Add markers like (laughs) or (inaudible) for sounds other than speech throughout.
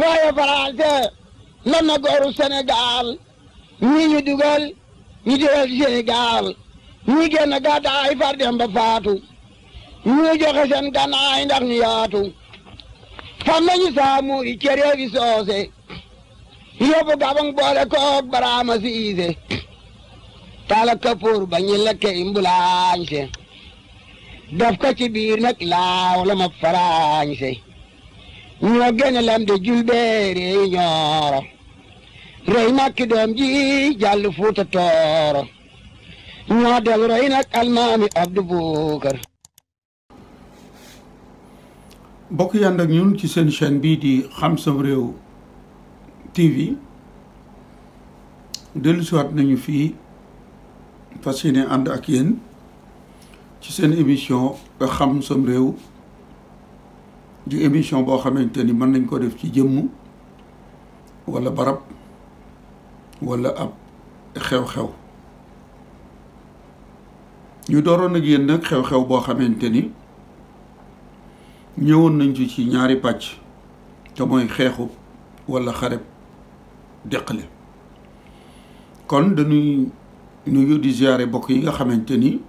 waaye Faranse man na gooru Sénégal ñii ñu dugal ñu dugal Sénégal ñii génn gàddaay far dem faatu ñii joxe seen gànnaay ndax ñu yaatu fam nañu saamu i cere bi soose yóbbu gabang boole koog baraama siise tala kapoor ba ñi lekke imbulaañse daf ko ci biir nag laaw la ma faraañse ñoo gën a lam de julbeeri ñooro rey nag ki doom ji jàll fuuta tooro ñoo del rey nag almaami Abdu Buukar mbokk yi ak ñun ci seen chaîne bii di Xam Sam Réew TV dellusiwaat nañu fii fas yéene ak yéen ci seen émission Xam Sam Réew di émission boo xamante ni mën nañ koo def ci jëmm walla barab walla ab xew-xew ñu dooroon ak yéen nag xew-xew boo xamante ni ñëwoon nañ ci ci ñaari pàcc te mooy xeexub walla xareb Dexële kon dañuy nuyu di ziare bokk yi nga xamante ni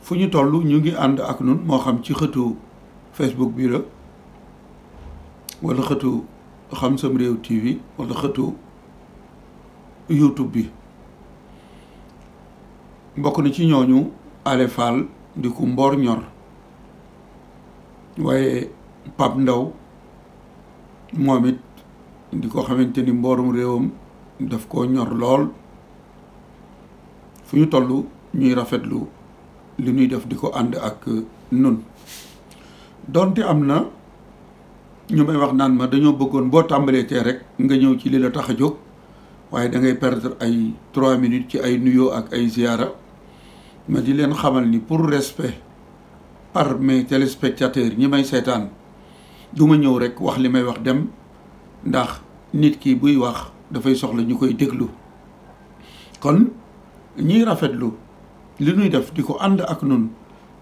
fu ñu toll ñu ngi ànd ak nun moo xam ci xëtu facebook bi la wala xëtu xam sam réew tv wala xëtu youtube bi mbokk na ci ñooñu Ale Fall di ku mboor ñor waaye Pape Ndaw moom it di ko xamante ni mboorum réewam daf koo ñor lool fu ñu tollu ñuy rafetlu li ñuy def di ko ànd ak nun donte am na ñu may wax naan ma dañoo bëggoon boo tàmbalee tee rek nga ñëw ci li la tax a jóg waaye da ngay perdre ay trois minutes ci ay nuyoo ak ay ziyaara ma di leen xamal ni pour respect par mes téléspectateurs ñi may seetaan du ma ñëw rek wax li may wax dem ndax nit ki buy wax dafay soxla ñu koy déglu kon ñiy rafetlu li nuy def di ko ànd ak nun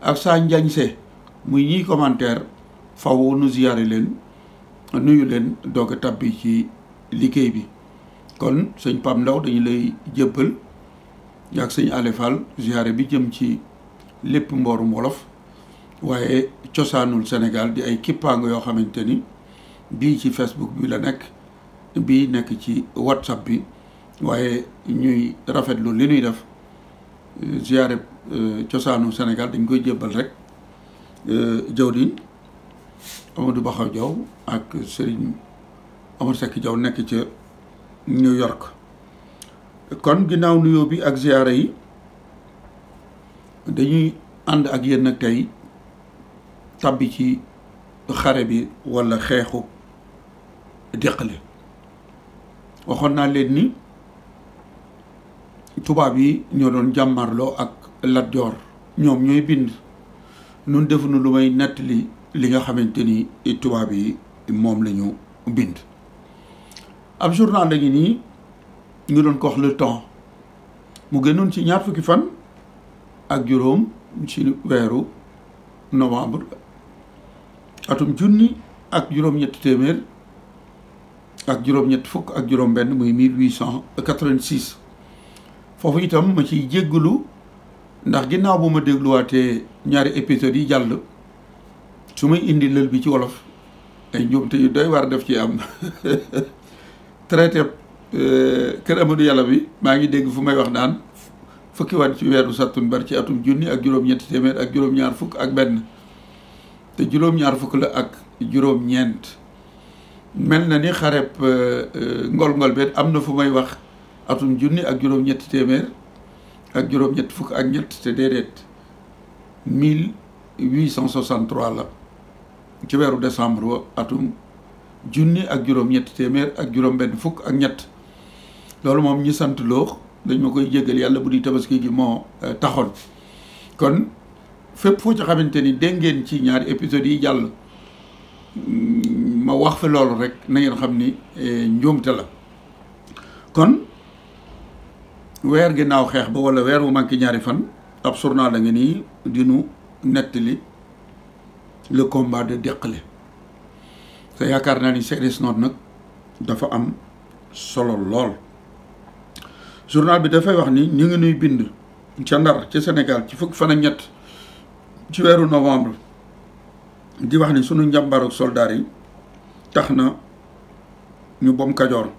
ak saa njañse muy ñiy commentaire faw nu ziyaare leen nuyu leen doog tàbbi ci liggéey bi kon sëñ Pam Ndaw dañu lay jébbal yaag sëñ Ale Fall bi jëm ci lépp mboorum wolof waaye cosaanul Sénégal di ay kippaango yoo xamante ni bii ci Facebook bi la nekk bii nekk ci WhatsApp bi waaye ñuy rafetlu li ñuy def ziyaare euh, cosaanu Sénégal dañ koy jébbal rek Euh, jawriñ Amadou Bakhaw Diaw ak Serigne Omar Seck Diaw nekk ca New York kon ginnaaw nuyoo bi ak ziyaara yi dañuy ànd ak yenn kay tey tàbbi ci xare bi walla xeexu déqale waxoon naa leen ni tubaab yi ñoo doon jàmbarloo ak Lat ñoom ñooy bind nun defuñu lu may nettali li nga xamante ni tubaab yi moom lañu bind ab journal la ngi nii ñu doon ko wax le temps mu gënoon ci ñaar fukki fan ak juróom ci weeru novembre atum junni ak juróom-ñetti téeméer ak juróom-ñetti fukk ak juróom-benn muy 1886 foofu itam ma ciy jéggalu ndax ginnaaw bu ma dégluwaatee ñaari épisodes yi jàll su may indi lël bi ci wolof ay njuumte yu doy waar def ci am (laughs) traité euh, kër Amadou Yàlla bi maa ngi dégg fu may wax naan fukki wat ci weeru sàttumbar ci atum junni ak juróom ak juróom-ñaar fukk ak benn te juróom-ñaar fukk la ak juróom-ñeent mel na ni xareb euh, euh, ngol-ngol beet am na fu may wax atum junni ak juróom-ñetti téeméer ak juroom ñett fukk ak ñett te déedéet 1863 la ci weeru décembre wa atum junni ak juróom-ñett téeméer ak juróom-benn fukk ak ñett loolu moom ñi sant loox dañ ma koy jégal yàlla bu di tabaski gi moo euh, taxoon kon fépp foo ci xamante ni dégg ci ñaari épisodes yi jàll mm, ma wax fi loolu rek na ngeen xam ni euh, njuumte la kon wer ginnaaw xex ba wala wer wu manki ñaari fan ab journal la ngi di nu netti le combat de dekkale te yaakaar naa ni seedes noot nag dafa am solo lool journal bi dafay wax ni ñu ngi nuy bind ca Ndar ci Sénégal ci fukk fan ak ñett ci weeru novembre di wax ni sunu njàmbaaru soldat yi tax na ñu bom Kajoor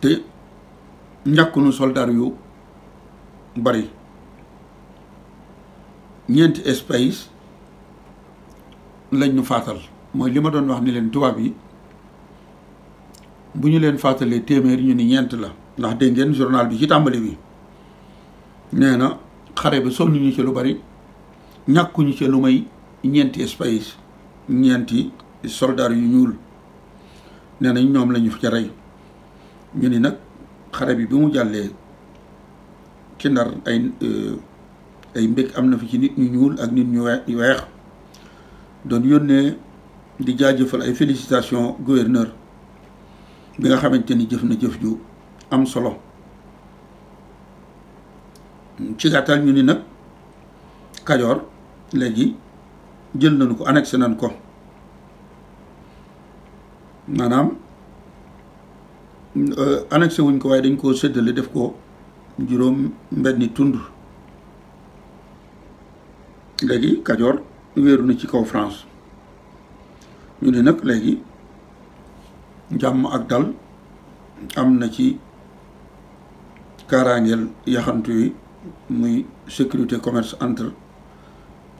te njàkkunu soldaar yu bari ñeenti espace lañ ñu faatal mooy li ma doon wax ni leen tubaab yi bu ñu leen faatalee téeméer ñu ni ñeent la ndax dégg ngeen journal bi ci tàmbali bi nee na xare bi sonn ñu ci lu bari ñàkkuñu ci lu may ñeenti espace ñeenti soldaar yu ñuul nee nañ ñoom lañu fi ca rey ñu ni nag xare bi bi mu jàllee ki ndar ay euh, ay mbég am na fi ci nit ñu ñuul ak nit ñu weex doon yónnee di jaajëfal ay félicitations gouverneur bi nga xamante ni jëf na jëf ju am solo ci gàttal ñu ni nag Kajoor léegi jël nañu ko annexé nañ ko maanaam Euh, annexé wuñ ko waaye dañ koo séddale def ko juróom mbenni tund léegi Kajoor wéeru na ci kaw France ñu ne nag léegi jàmm ak dal am na ci kaaraangeel yaxantu yi muy sécurité commerce entre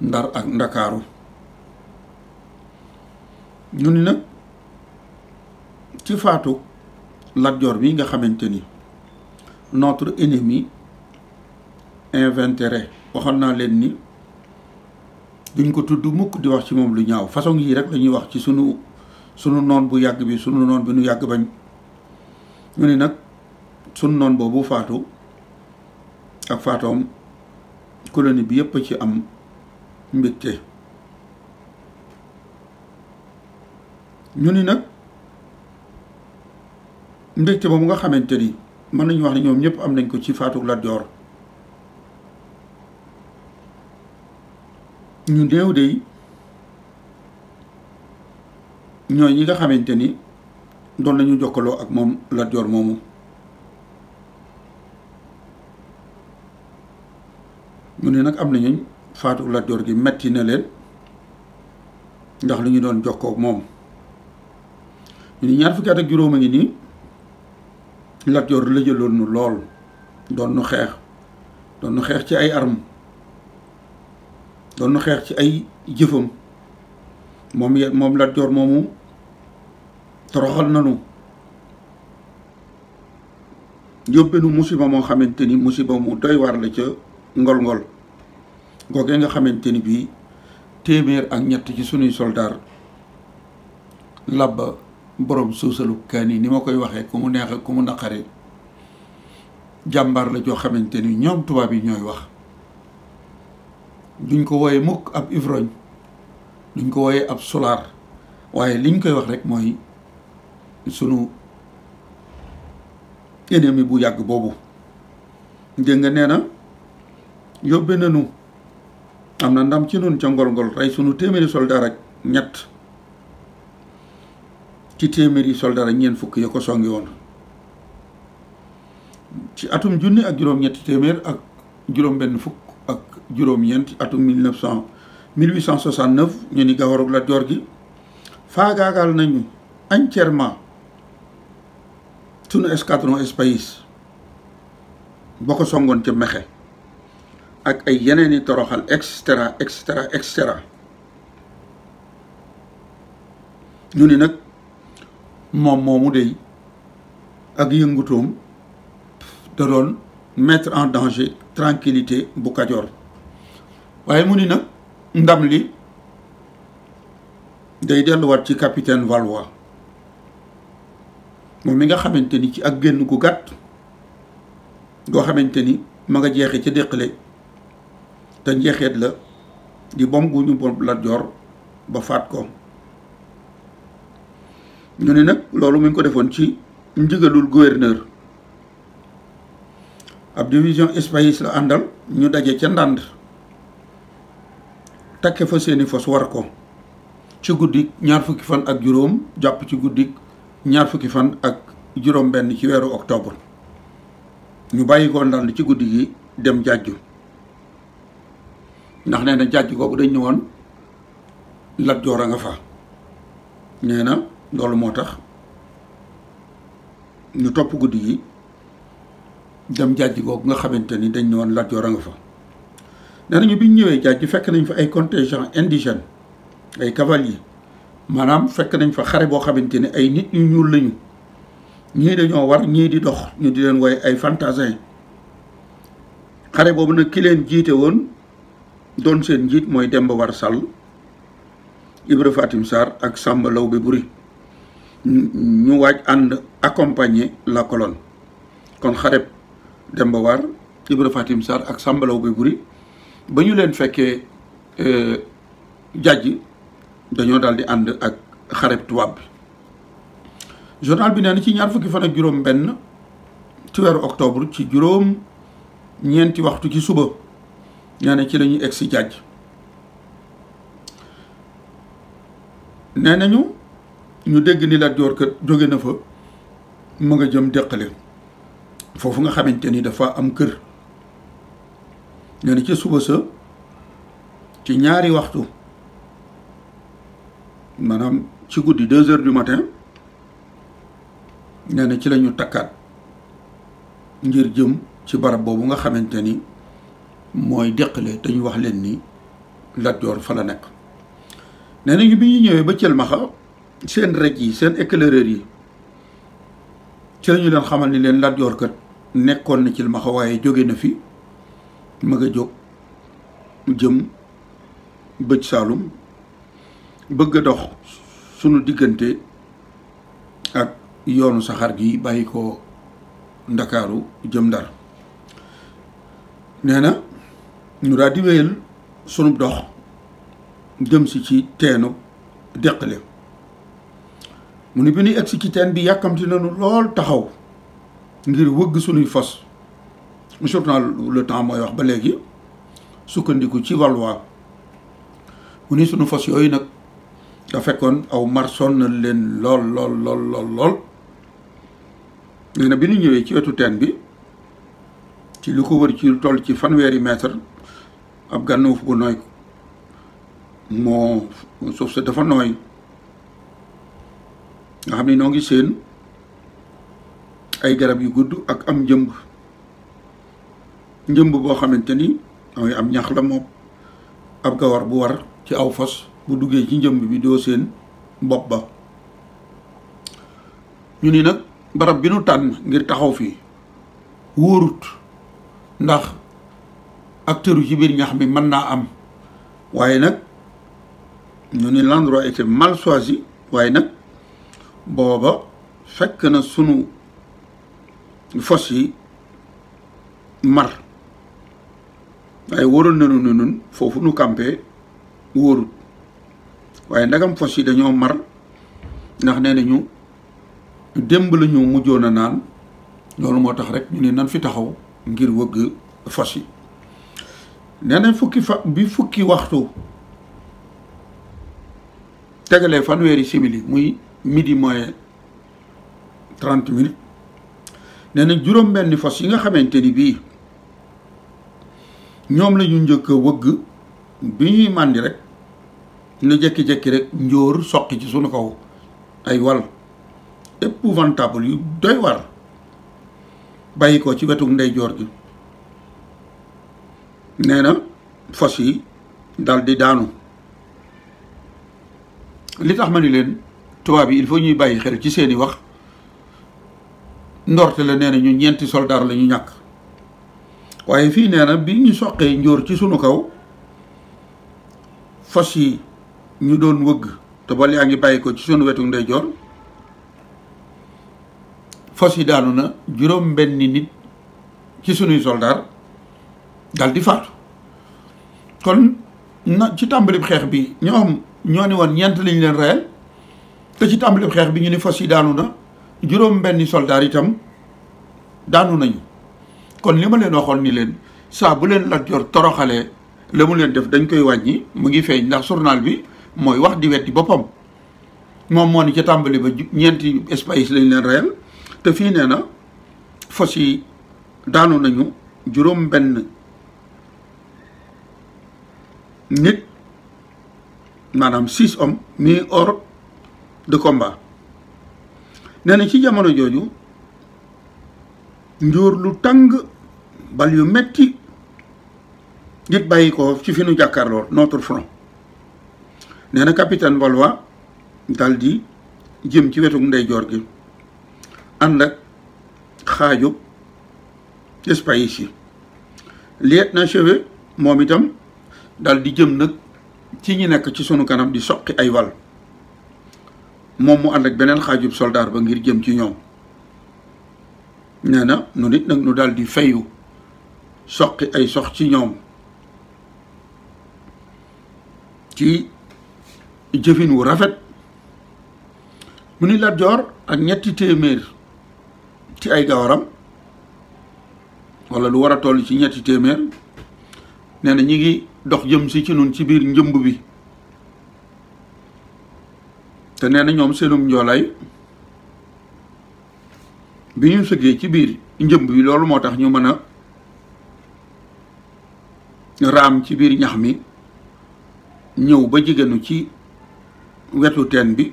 Ndar ak Ndakaaru ñu ni nag ci faatu Lat bi nga xamante ni notre ennemi inventerait waxoon naa leen ni duñ ko tudd mukk di wax ci moom lu ñaaw façon yii rek lañuy wax ci sunu sunu noon bu yàgg bi sunu noon bi nu yàgg bañ ñu ni nag sunu noon boobu faatu ak faatoom colonie bi yépp a ci am mbégte ñu ni nag mbégte moom mu nga xamante ni mën nañu wax ne ñoom ñëpp am nañ ko ci faatu Lat Joor ñu néew de ñooy ñi nga xamante ni doon nañu jokkaloo ak moom Lat Joor moomu mu ne nag am nañu faatu Lat Joor gi metti na leen ndax lu ñu doon jokkoo ak moom ñu ñaar fukki at ak juróom a ngi nii Ya, Lat Joor lëjaloon nu lol don nu xex don nu xex ci ay arm, don nu xex ci ay jëfëm momi mom Lat yor momu toroxal nanu yóbbenu musiba mo xamanteni musiba mu doy war la ci ngol-ngol goge nga xamanteni bi bii ak ñett ci suñu soldar labba borom suusalu kaan ni ma koy waxee ku mu neexee ak ku mu naqari jàmbaar la joo xamante ni ñoom tubaab yi ñooy wax duñ ko wooye mukk ab ivrogne duñ ko wooye ab sulaar waaye liñ koy wax rek mooy sunu ennemi bu yàgg boobu dégg nga nee na yóbbe nañu am na ndam ci noonu ca ngol ngol rey sunu téeméeri soldaar ak ñett ci téméri soldat ak ñen fukk yako songi won ci atum jooni ak juroom ñetti téeméer ak juroom ben fukk ak juroom ñent atum 1900 1869 ñu ni gawarug la jor gi faagaagal nañu entièrement sunu escadron espace ba songon ci mexé ak ay yeneeni toroxal et cetera et cetera et cetera ñu ni nak moom moomu ak yëngutoom da don mettre en danger tranquillité boukadior waye waaye mu ndam li day wat ci capitaine Valois moom mi nga xamanteni ci ak génn gu gàtt go xamanteni ni ma nga jeexe ca déqale te jexet la di bom gu ñu bom Lat Joor ba fat ko ñu ne nag loolu mu ngi ko defoon ci ndigalul gouverneur ab division espace la àndal ñu daje ca ndànd takke fa seeni fos war ko ci guddik ñaar fukki fan ak juróom jàpp ci guddik ñaar fukki fan ak juróom benn ci weeru octobre ñu bàyyi ko ndànd ci guddi gi dem jàjju ndax nee na jàjju googu dañ ne woon Lat a nga fa nee loolu moo tax ñu topp guddi yi dem jàjj googu nga xamante ni dañ ne a nga fa ne nañu biñ ñu ñëwee jàjj fekk nañ fa ay contingent indigène ay cavalier maanaam fekk nañ fa xare boo xamante ni ay nit ñu ñuul lañu ñii dañoo war ñii di dox ñu di leen wooye ay fantasin xare boobu nag ki leen jiite woon doon seen njiit mooy Demba War Sall Ibra Fatim Sarr ak Samba Law bi buri ñu waaj ànd accompagner la colonne kon xareb Demba War Ibra Fatim Sarr ak Samba Laobé Boury ba ñu leen fekkee euh, jàjj dañoo daal di ànd ak xareb tubaab bi journal bi nee ci ñaar fukki fan ak juróom benn ci weeru octobre ci juróom ñeenti waxtu ci suba nee ci lañuy ñu egg si jàjj nee nañu ñu dégg ni Lat Joor jóge na fa mu nga jëm deqale foofu nga xamante ni dafa am kër nee ci ca suba sa ci ñaari waxtu maanaam ci guddi deux heures du matin nee ci lañu takkaat ngir jëm ci barab boobu nga xamante ni mooy deqale te ñu wax leen ni Lat fa la nekk nee na ñu bi ñu ñëwee ba Thiel seen rej yi seen éclaireur yi ci la ñu leen xamal ni leen Lat Joor nekkoon na ci Limaxa waaye jóge na fi mag a jóg jëm bëj saalum bëgg a dox sunu diggante ak yoonu saxaar gi bàyyi ko ndakaaru jëm ndar nee na ñu daal di wéyal sunu dox jëm si ci teenu deqale mu ne bi ñuy egsi ci teen bi yàkkamti nu lool taxaw ngir wëgg suñuy fas monsieur le temps mooy wax ba léegi sukkandiku ci Valois mu ni suñu fas yooyu nag da fekkoon aw mar na leen lool lool lool lool lool bi ñu ñëwee ci wetu teen bi ci lu ko wër ci toll ci fanweeri mètre ab gànnuuf bu nooy moo suuf sa dafa nooy nga xamni no ngi seen ay garab yu gudd ak am jëmb njëmb boo xamante ni mooy am ñax la moom ab gawar bu war ci aw fas bu duggee ci njëmb bi doo seen bopp ba ñu ni nag barab bi nu tànn ngir taxaw fii wóorut ndax acteur ci biir ñax mi mën naa am waaye nag ñu ni l'endroit était mal choisi waaye nag booba fekk na sunu fos yi mar waaye wóoroon nañu ne nun foofu nu campé wóorut waaye ndagam fos yi dañoo mar ndax nee nañu démb la ñu mujjoon a naan loolu moo tax rek ñu ne nan fi taxaw ngir wëgg fos yi nee na fukki fa bi fukki waxtu tegalee fanweeri simili muy midi moy 30 minutes né nak juróom benn fas yi nga xamanteni bi ñoom la wëgg bi ñuy mandi rek ñu jekki-jekki rek njóor soqi ci suñu kaw ay wal épouvantable yu doy war bayiko ci ci ndey jor gi nee na fas yi dal di daanu li tax ma ni leen tuba bi il faut ñuy bayyi xel ci seeni wax ndorte la nee na ñu ñeenti soldaar la ñu ñak waye fi nee bi ñu soxé njóor ci suñu kaw fas yi ñu doon wëgg te bal yaa ngi ko ci suñu wetu ndeyjoor fas yi daanu na juróom benn nit ci sunuy soldaar dal di faatu kon na ci tàmbali xeex bi ñoom ñoo ni woon ñeent lañ leen reyal te ci tàmbalim xex bi ñu ni fas yi daanu na juróom benni soldaar itam daanu nañu kon li ma leen waxoon ni leen saa bu leen la jor toroxalee la mu leen def dañ koy wàññi mu ngi feeñ ndax journal bi mooy wax di wetti boppam moom moo ni ci tàmbali ba ñeenti espace lañ leen reyal te fii nee na fas yi daanu nañu juróom benn nit maanaam six hommes mi or de combat ci jamono jooju njur lu tàng bal yu metti dit bàyyi ko ci fi nu jàkkaarloo notre front nee na capitaine Valois dal di jëm ci wetug ndeyjoor gi ànd ak xaajub espace yi lieutenant Chauvet moom itam dal di jëm nag ci ñi nekk ci sunu kanam di soqi ay wal Momo mu and ak benen xajub soldaar ba ngir jëm ci ñom nu nit nak nu daldi di fayu soqi ay sox ci ñom ci jëfin wu rafet mu ni la jor ak ñetti témèr ci ay gawaram wala lu wara toll ci ñetti témèr nee ñi ngi dox jëm ci ci nun ci bir njëmb bi te nee na ñoom seenum njoolaay bi ñu sëggee ci biir njëmb bi loolu moo tax ñu mën a raam ci biir ñax mi ñëw ba jigéenu ci wetu teen bi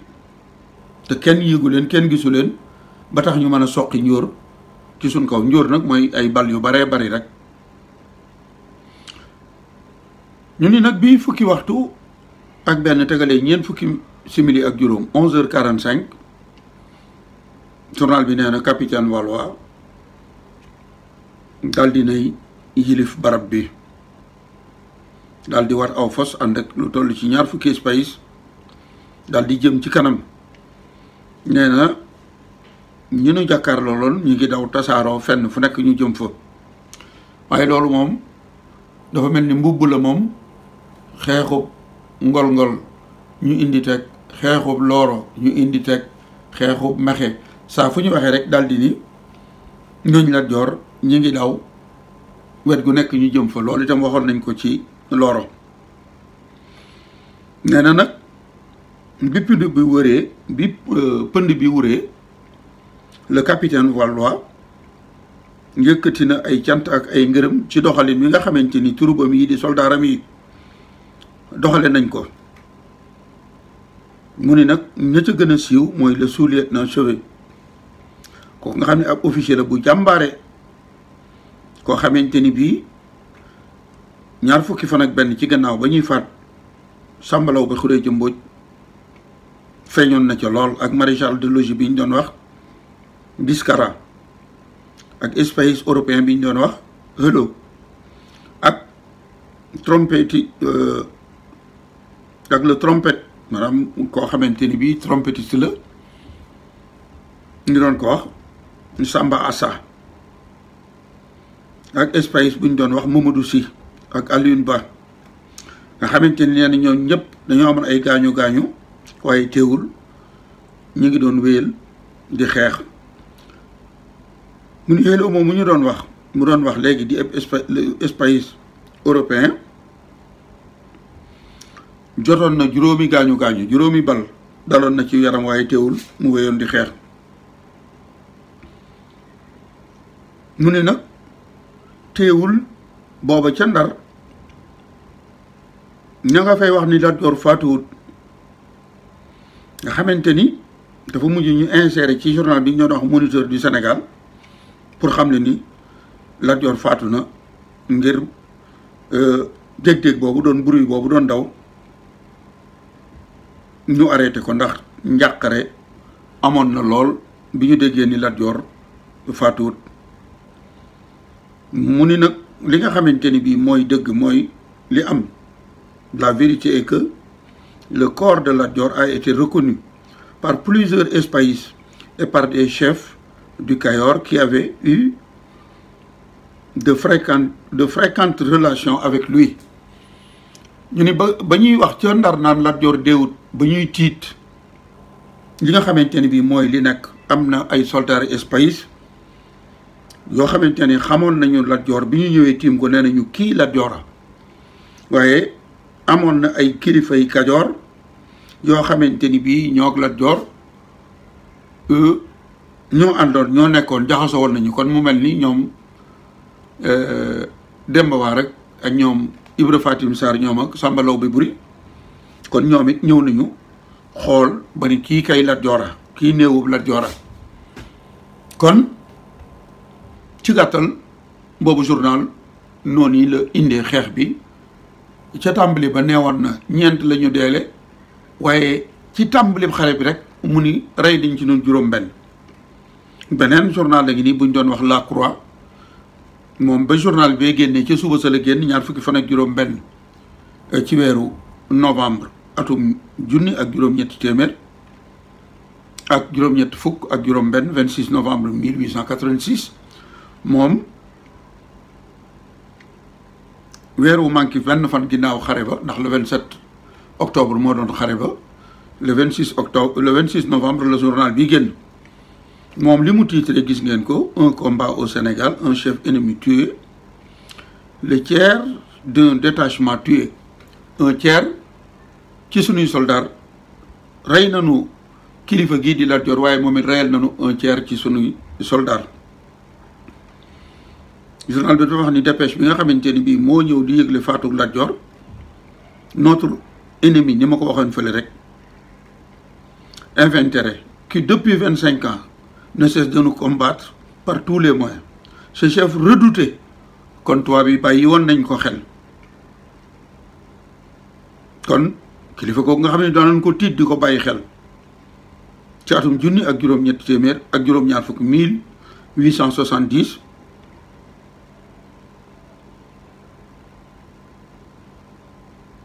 te kenn yëgu leen kenn gisu leen ba tax ñu mën a soqi njóor ci suñ kaw njóor nag mooy ay bal yu baree bari rek ñu ni nag bi fukki waxtu ak benn tegalee ñeent fukki simili ak juróom 11h45 journal bi neena capitaine walwa dal di nay yilif barab bi dal di war aw fos ànd ak lu tollu ci ñaar fukki espace dal di jëm ci kanam neena ñu ñu jakar jàkkaarloo loon ñu ngi daw fenn fu nek ñu jëm fa lolu mom dafa melni ni mom xexu ngol-ngol ñu indi tek xeexub looro ñu indi teg xeexub mexe saa fu ñu waxee rek daldi ni ñooñ la joor ñi ngi daw wet gu nekk ñu jëm fa loolu tam waxoon nañ ko ci looro nee na nag bi pënd bi wëree bi euh, pënd bi wuree le capitaine Valois yëkkati na ay cant ak ay ngërëm ci doxalin wi nga xamante ni turubam yi di soldaaram yi doxale nañ ko mu ni nag ña ca gën a siiw mooy le sous-lieutenant Chauvé ko nga xam ne ab officier bu jàmbaare koo xamante ni bii ñaar fukki fan ak benn ci gannaaw ba ñuy faat sàmbalaw ba xuree jëmbooj feeñoon na ca lool ak maréchal de logis bi ñu doon wax Biscara ak espace européen biñ doon wax Hello ak trompette euh, ak le trompet maanaam koo xamante ni bii trompettiste la ngi doon ko wax Samba Assa ak espace bu ñu doon wax Mamadou Sy ak Alioune Ba nga xamante ni nee na ñoom ñëpp dañoo amoon ay gaañu gaañu waaye téewul ñu ngi doon wéyal di xeex mu nu yéelu moom mu ñu doon wax mu doon wax léegi di espace européen jotoon na juróomi gaañu gaañu juróomi bal daloon na ci yaram waaye teewul mu wéyoon di xeex mu ne nag teewul booba ca ndar ña nga fay wax ni Lat Joor faatuwut nga xamante ni dafa mujj ñu insérer ci journal bi ñoo doon wax moniteur du Sénégal pour xam ne ni Lat Joor faatu na ngir euh, dég-dég boobu doon bruit boobu doon daw nous arrêté ko ndax njàqare amoon na lool bi ñu ni Lat mu li nga xamante ni bii mooy la vérité est que le corps de l'Adior a été reconnu par plusieurs espaces et par des chefs du Cayor qui avaient eu de fréquentes, de fréquentes relations avec lui. ñu ni ba ba ñuy wax ca ndar naan Lat Joor ba ñuy tiit li nga xamante ne bii mooy li nekk am na ay soldaar espace yoo xamante ne xamoon nañu Lat Joor bi ñu ñëwee tiim ko nee nañu kii Lat Joor a waaye amoon na ay kilifay Kajoor yoo xamante ni bii ñoo Lat Joor ñoo àndoon ñoo nekkoon jaxasoo woon nañu kon mu mel ni ñoom euh, Demba rek ak ñoom ibra fatim sar ñom ak samba bi buri kon ñomit ñew nañu xol bari ki kay la jora ki neewu la jora kon ci gatal bobu journal noni le indee xex bi ci tambali ba neewon na ñent lañu délé deele ci tambali xalé bi rek mu ni rey ci ñun juroom ben benen journal la buñ doon wax la croix moom ba journal bee génnee ca suba sa la génn ñaar fukki fan ak juróom-benn eh, ci weeru novembre atum junni ak juróom-ñetti téeméer ak juróom-ñetti fukk ak juróom-benn 26 novembre 1886 moom weer wu manqué benn fan ginnaaw xare ba ndax le 27 octobre moo doon xare ba le 26 octobre le 26 novembre le journal bi génn. Mon li titre tiitre gis ko un combat au Sénégal un chef ennemi tué le tiers d'un détachement tué un tiers ci des soldat rey nañu kilifa gii di guider Joor waaye moom it réel-nous un tiers ci sunuy soldat journal de dafa wax ni dépêche bi nga xamante ni je moo ñëw que le fatou la Joor notre ennemi ni ma ko waxoon le rek inventé qui depuis 25 ans ne cesse de nous combattre par tous les moyens. Ce chef redouté, Quand toi, il n'y a pas de Donc, il faut que nous nous dans un côté... de la vie. Si nous avons dit que nous avons dit que nous avons 1870,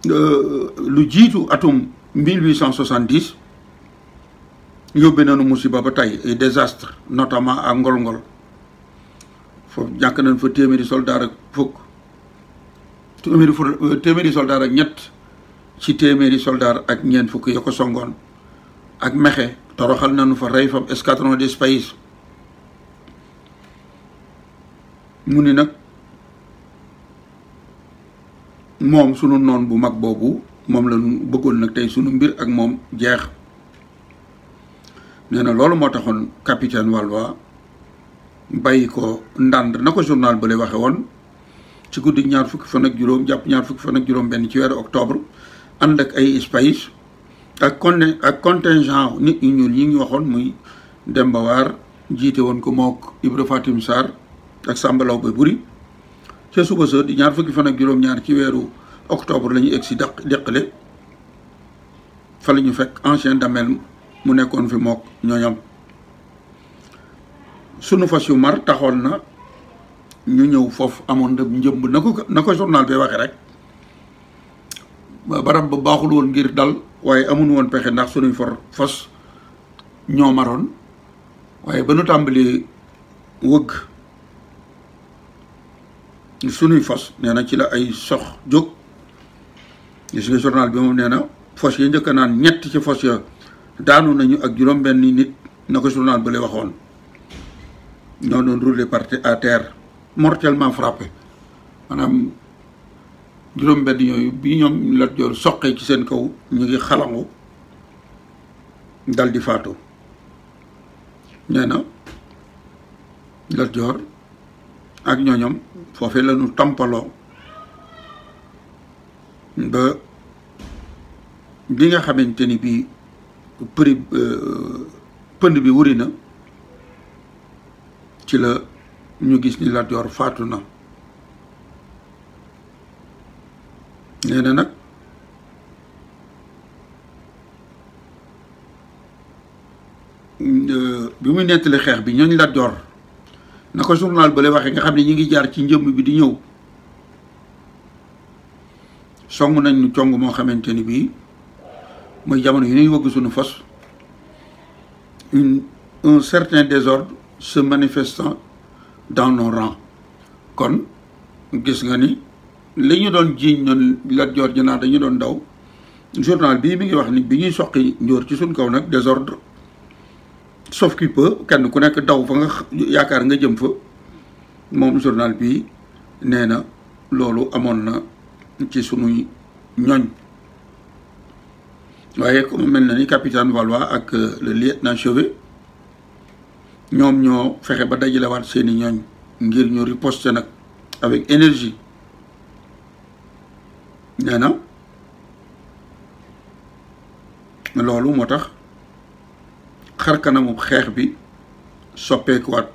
Euh, le jitu atum 1870 yóbbe nañu musiba ba tey et désastre notamment à ngol-ngol foofu ñàkk nañ fa téeméeri soldat ak fukk téeméeri fu euh, ak ñett ci téeméeri soldat ak ñeent fukk ya ko songoon ak mexe toroxal nu fa rey fa escadron d'Espace mu ni nag moom sunu noon bu mag boobu moom la bëggoon nag tey sunu mbir ak moom jeex nee na loolu moo taxoon capitaine Walwa bàyyi ko ndànd na ko journal ba lay waxe woon ci guddi ñaar fukki fan ak juróom jàpp ñaar fukki fan ak juróom benn ci weeru octobre ànd ak ay espace ak con ak contingent nit ñi ñuul ñi ngi waxoon muy Demba Waar jiite woon ko mook Ibra Fatim Sarr ak Samba Law ba buri ca suba sa di ñaar fukki fan juróom-ñaar ci weeru octobre la ñu egg si daq deqale fa la ñu fekk ancien damel mu nekkon fi mok ñoñam sunu fas yu mar taxon na ñu ñew fof amoon de njëmb nako nako na journal bi waxe rek baram ba baxul won ngir dal waye amun won pexé ndax sunuy for fas ño maron waye ba tambali wëgg fas neena ci la ay sox jog gis nga journal bi moom neena fas yi ya ñëk naan ñett ci fas ya daanu nañu ak juroom benn nit nako journal ba lay waxoon ñoo doon roulé par à terre mortellement frappé manam juroom benn yooyu bi ñoom la jor soqee ci seen kaw ñu ngi xalangu dal di faatu nee na la jor ak ñooñam foofee la ñu tampaloo ba bi nga xamante ni prix euh, pënd bi wuri na ci la ñu gis ni Lat faatu na nee nag euh, bi muy nettali xeex bi ñooñ Lat Joor na ko journal ba lay waxee nga xam ne ñu ngi jaar ci njëmm bi di ñëw song nañ nu moo xamante ni bii moy jamono yu ñuy wëgg suñu fos une un certain désordre se manifestant dans nos rangs kon gis nga ni li ñu doon jiiñ noonu la Joor ji dañu doon daw journal bi mi ngi wax ni bi ñuy soqi ñor ci suñ kaw nak désordre sauf qui peut kenn ku nekk daw fa nga yaakar nga jëm fa mom journal bi nee lolu amon na ci sunuy ñoñ waye comme mel na ni capitaine Valois ak euh, le lieutenant chevet ñom ñoo fexé ba dajalewaat seen i ñooñ ngir ñu riposte nak avec énergie nana lolu motax xar kanamu xeex bi ko wat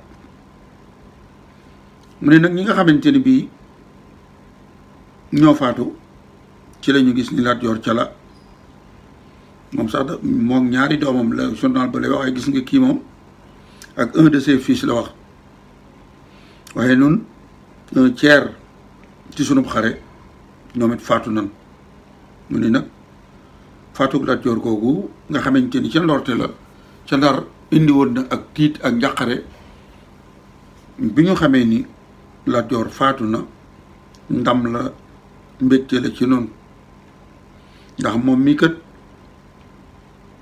mune nak ñi nga xamanteni bi ñoo faatu ci lañu gis ni Lat yor ci la moom sax da moom ñaari doomam la journal ba lay wax gis nga kii ak un de ses la wax waaye nun un ci sunub xare ñoom it faatu nan mu ni nag faatug Lat Joor googu nga xamante ni ca ndorte ca ndar indi na ak tiit ak njaqare bi xamee ni Lat Joor faatu na ndam la mbette la ci noon ndax moom mii kat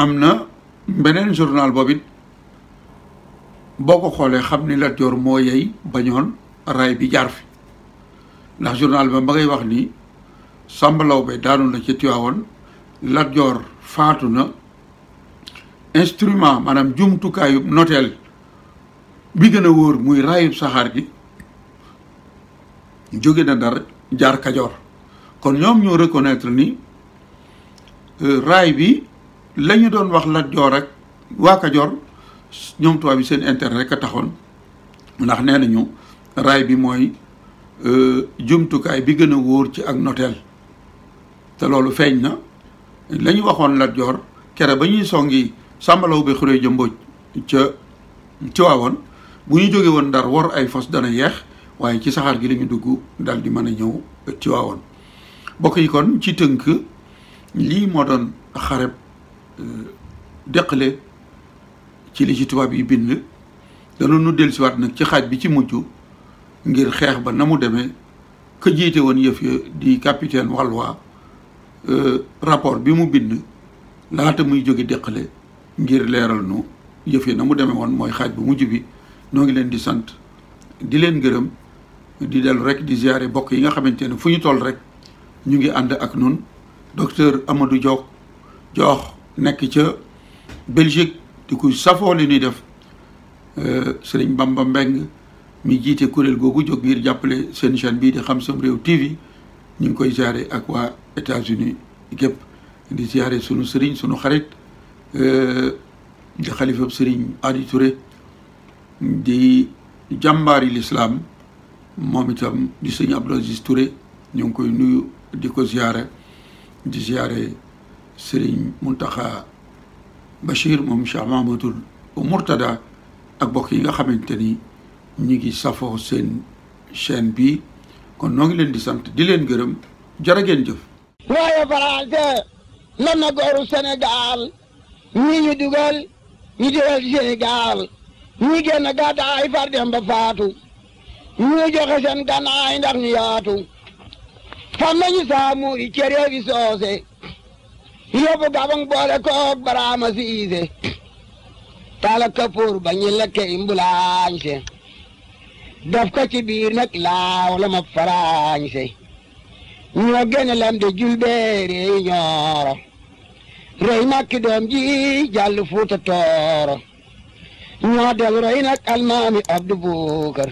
am na beneen journal boobu boo ko xoolee xam ni Lat Joor moo yey bañoon raay bi jaar fi ndax journal ba ma ngay wax ni Samba Lawbe daanu na ci Tiwaawoon Lat faatu na instrument maanaam jumtukaayu noteel bi gën a wóor muy raayub saxaar bi jóge na Ndar jaar Kajoor kon ñoom ñoo reconnaître ni euh, raay bi la ñu doon wax Lat Joor ak waa Kajoor ñoom tubaab bi seen intérêt rek a taxoon ndax nee nañu raay bi mooy euh, jumtukaay bi gën a wóor ci ak noteel te loolu feeñ na lañu waxoon Lat Joor kere ba ñuy songi sàmbalaw bi xuree jëmbooj ca Tiwaawoon bu ñu jóge woon Ndar war ay fos dana yeex waaye ci saxaar gi lañu dugg dal di mën a ñëw Tiwaawoon bokk yi kon ci tënk lii moo doon xareb deqale ci li ci tubaab yi bind dana nu dellusiwaat nag ci xaaj bi ci mujj ngir xeex ba na mu demee ka jiite woon yëf ya di capitaine Walwa euh, rapport bi mu bind laata muy jóge déqale ngir leeral nu yëf ya na mu demee woon mooy xaaj bu mujj bi noo ngi leen di sant di leen gërëm di del rek di ziare bokk yi nga xamante ne fu ñu toll rek ñu ngi ànd ak nun docteur Amadou Diop jox nekk ca Belgique di ko safoo li ñuy def euh, sëriñ mbamba Mbeng mi jiite kuréel googu jóg ngir jàppale seen chaîne bii di Xam Sam Réew TV ñu ngi koy ziare ak waa États-Unis gépp di ziare sunu sëriñ sunu xarit euh, di xalifa sëriñ Adi Touré di jàmbaari lislam moom itam di sëriñ Abdou Aziz Touré ñu ngi koy nuyu di ko ziare di ziare sëriñ Muntaxa Bachir moom Cheikh Mahamadoul Mourtada ak bokk nga xamante ni ñu ngi safoo seen bi kon noo ngi leen di sant di leen gërëm jërë ngeen jëf waaye français nan na gooru Sénégal ñi ñu dugal ñu dugal Sénégal ñi génn gàtta ay far dem faatu ñu joxe seen gànnaay ndax ñu yaatu fan nañu saamu i cëréewi soose yóbbu gabang boole koog baraama taala kapoor ba ñi lekke imbulaañse daf ko ci biir nag ma faraañse ñoo gene lam de julbeere ñooro rey makki doom ji jàll fuuta tooro ñoo del roy nag almaami abdu buukar